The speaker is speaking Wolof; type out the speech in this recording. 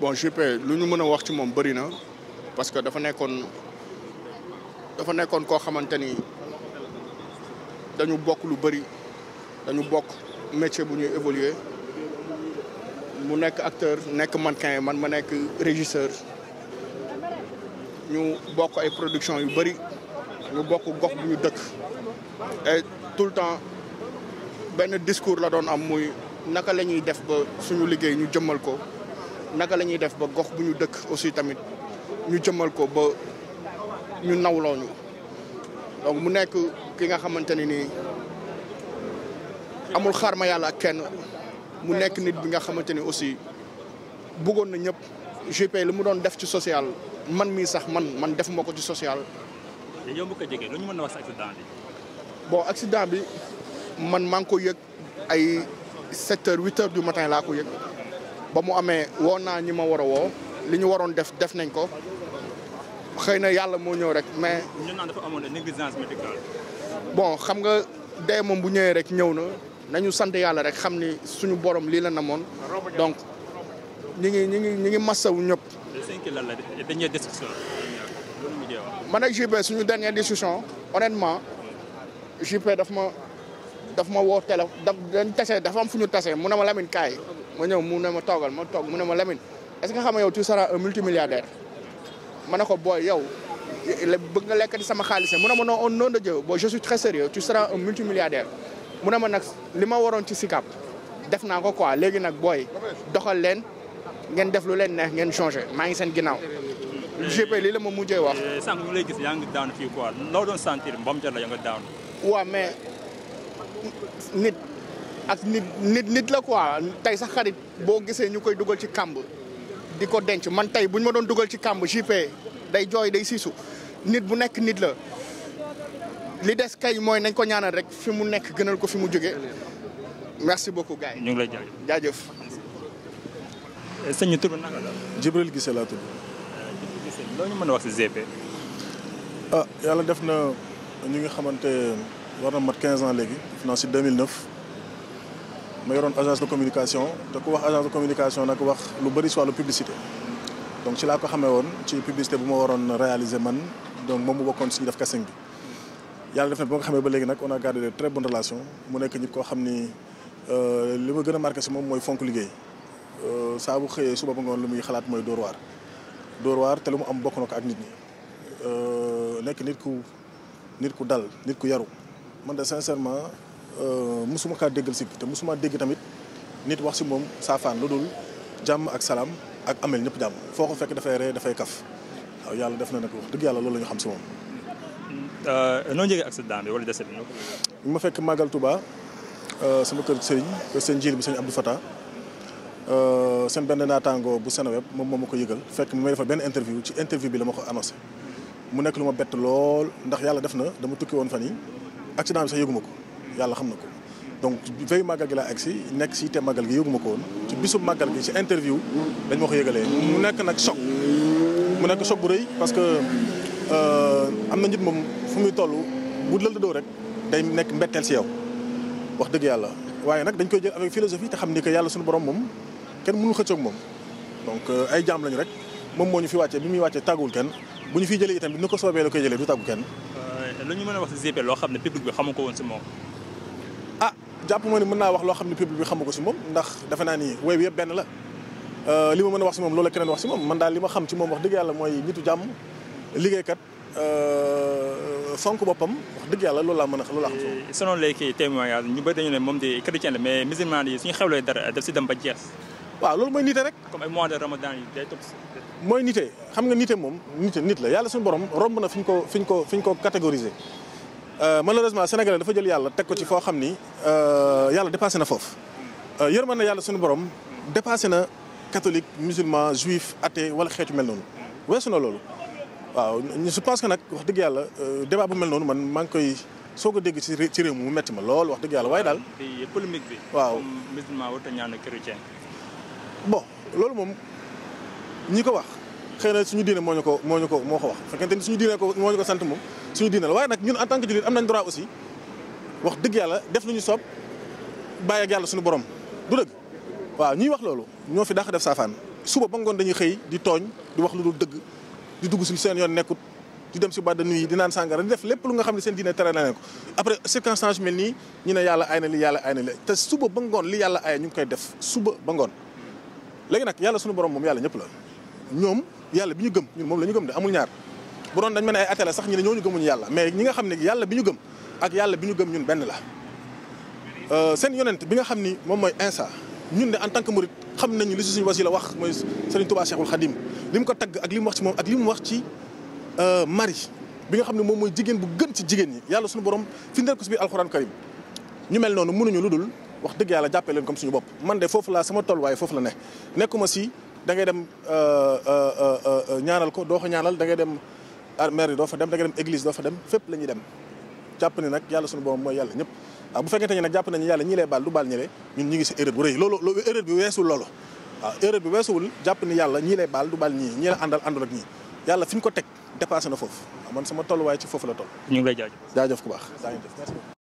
bon Juppé lu ñu mën a wax ci moom bëri na parce que dafa nekkoon dafa nekkoon koo xamante ni dañu bokk lu bëri dañu bokk métier bu ñu évoluer mu nekk acteur nekk mannequin man ma nekk régisseur ñu bokk ay production yu bëri ñu bokk gox bu ñu dëkk et tout le temps benn discours la doon am muy naka lañuy def ba suñu liggéey ñu jëmmal ko naka lañuy def ba gox bu ñu dëkk aussi tamit ñu jëmmal ko ba ñu nawloo ñu donc mu nekk ki nga xamante ne nii amul xar ma yàlla ak kenn mu nekk nit bi nga xamante ni aussi buggoon na ñëpp JP li mu doon def ci social man mii sax man man def ma ko ci social. yow ko mën a wax si accident bi. man maa ko yëg ay 7 heures 8 heures du matin laa ko yëg. ba mu amee woo naa ñi ma war a woo li ñu waroon def def nañ ko xëy na yàlla moo ñëw rek mais. ñu naan dafa amoon négligence médicale. bon xam nga dee moom bu ñëwee rek ñëw na nañu sant yàlla rek xam ni suñu borom lii la namoon donc ñi ngi ñi ngi ñi ngi massawu ñëpp. man ak JP suñu dernière discussion honnêtement JP daf ma. dafa ma woo télé daf dañ tase dafa am fu ñu tase mu ne ma Lamine kaay ma ñëw mu ne ma toogal ma toog mu ne ma Lamine est-ce que xam nga yow tu seras un multimilliardaire ma na ko booy yow bëgg nga lekk di sama xaalis mu ne ma non au nom de Dieu booy je suis très sérieux tu seras un multimilliardaire mu ne ma nag li ma waroon ci sikap def naa ko quoi léegi nag booy doxal leen ngeen def lu leen neex ngeen changé maa ngi seen ginnaaw. GP lii la ma mujjee wax. Eh, sànq ñu lay ngi daan fii loo doon sentir mbam jar la yaa nga nit ak nit nit nit la ko tey sax xarit boo gisee ñu koy dugal ci kàmb di ko denc man tey bu ñu ma doon dugal ci kàmb JP day jooy day siisu nit bu nekk nit la li des kay mooy nañ ko ñaanal rek fi mu nekk gënal ko fi mu jóge merci beaucoup gars yi. ñu ngi lay jaajëf sëñ tur naka la. Jibril laa tudd. Jibril mën a wax si GP. ah def na ñu ngi xamante. war mat quinze ans léegi def naa si 2009 ma yoroon agence de communication te ku wax agence de communication nag wax lu bari si wàllu publicité donc ci laa ko xamee woon ci publicité bu ma waroon réaliser man donc moom mu bokkoon si def casting bi. yàlla def na ba nga xamee ba léegi nag on a gardé de très bonnes relations mu nekk nit koo xam ni euh, li ma gën a mark si moom mooy fonk liggéey euh, saa bu xëyee suba ba ngoon lu muy xalaat mooy Dóor waar. Dóor waar te lu mu am bokk ko ak nit ñi euh, nekk nit ku dal nit ku yaru. man de sincèrement euh, mosuma kaa déggal si te mosuma dégg tamit nit wax si moom saafaan lu dul jàmm ak salaam ak amel ñëpp jàmm foo ko fekk dafay ree dafay kaf yàlla def na nag wax dëgg yàlla loolu la xam si moom. Euh, noo jege accident bi wala décès bi ñu ma fekk Magal Touba euh, sama kër Serigne kër seen njiil bi sëñ Abdou Fata seen benn naataango bu Seneweb moom moo ko yëgal fekk may defal benn interview ci interview bi la ko annoncé mu nekk lu ma bett lool ndax yàlla def na dama tukki woon fan yi accident bi sax yëguma ko yàlla xam na ko donc veille màggal gi laa ak si nekk si te màggal gi yëguma ko woon ci bisub màggal gi ci interview dañ ma ko yëgalee mu nekk nag choc mu nekk choc bu rëy parce que euh, am na nit moom fu muy toll bu lël doo rek day nekk mbetteel si yow wax dëgg yàlla waaye nag dañ koy jël avec philosophie te xam ni ko yàlla suñu borom moom kenn mënu xëccoog moom donc euh, ay jaam lañu rek moom moo ñu fi wàccee bi muy wàccee tàgguwul kenn bu ñu fiy jëlee itam ko soobee la koy jëlee du tàggu la ñu mën a wax si GP loo xam ne public bi xamu ko woon si moom. ah jàpp moo ne mën naa wax loo xam ne public bi xamu ko si moom ndax defe naa ni wéy bi yëpp benn la euh, li ma mën a wax si moom loolu la keneen wax si moom man daal li ma xam ci moom wax dëgg yàlla mooy nitu jàmm liggéeykat euh, fonk boppam wax dëgg yàlla loolu laa mën a loolu laa xam si moom. selon les témoignages ñu bëri dañu ne moom di chrétien la mais musulman yi suñu xewlee dara daf si dem ba jeex. waaw loolu mooy nite rek. comme ay mois de ramadan yi day topp mooy nite xam nga nite moom nite nit la yàlla suñu borom romb na fi ñu ko fi ñu ko fi ñu ko catégoriser euh, malheureusement sénégalais dafa jël yàlla teg ko ci foo xam ni euh, yàlla dépassé na foofu. Euh, na yàlla suñu borom dépassé na catholique musulman juif athée wala xeetu mel noonu weesu na loolu. waaw je pense que nag wax dëgg yàlla débat bu mel noonu man maa koy soo ko dégg ci réew mi mu metti ma lool wax dëgg yàlla waaye daal. polémique bi. waaw musulman warut a ñaan chrétien. bo loolu moom ñi ko wax xëy na suñu diine moo ñu ko moo ñu ko moo ko wax fekkente ni suñu diine ko moo ñu ko sant moom suñu diine la waaye nag ñun en tant que jullit am nañ droit aussi wax dëgg yàlla def lu ñu soob bàyyi ak yàlla suñu borom du dëgg waaw ñuy wax loolu ñoo fi dàq def saafaan suba ba ngoon dañuy xëy di tooñ di wax lu dul dëgg di dugg suñu seen yoon nekkut di dem si boîte de nuit yi di naan sàngara di def lépp lu nga xam ne seen diine tere na leen ko après circonstance mel nii ñu ne yàlla aay na li yàlla aay na te suba ba ngoon li yàlla aay ñu ngi koy def suba ba ngoon léegi nag yàlla sunu borom moom yàlla ñëpp la ñoom yàlla bi ñu gëm ñun moom lañu ñu gëm de amul ñaar bu doon dañ mën ay atela sax ñu ne ñooñu gëmuñu yàlla mais ñi nga xam ne yàlla bi ñu gëm ak yàlla bi ñu gëm ñun benn la euh, seen yonent bi nga xam ni moom mooy insa ñun de en tant que murid xam nañu li si suñu wasila wax mooy Serigne Touba Cheikhul Khadim li mu ko tagg ak li mu wax ci moom ak li mu wax ci euh, Marie bi nga xam ne moom mooy jigéen bu gën ci jigéen ñi yàlla suñu borom fi ndel ko si biir alxuraan karim ñu mel noonu mënuñu lu dul wax dëgg yàlla jàppe leen comme suñu bopp man de foofu laa sama tolluwaay foofu la ne nekkuma si da ngay dem euh, euh, euh, ñaanal ko doo ko ñaanal da ngay dem armeer yi doo fa dem da ngay dem fa dem fépp la ñuy dem jàpp ni nag yàlla suñu boppam mooy yàlla ñëpp waaw ah, bu fekkente ne jàpp nañu yàlla ñii lay baal du baal ñële ñun ngi si erreur bu rëy loolu loolu bi weesuwul loolu waaw ah, erreur jàpp ni yàlla ñii lay baal du baal ñii ñii la yàlla fi ñu ko teg dépassé na foofu ah, man sama tolluwaay ci foofu la toll. ñu ngi lay jaajëf jaajëf ku baax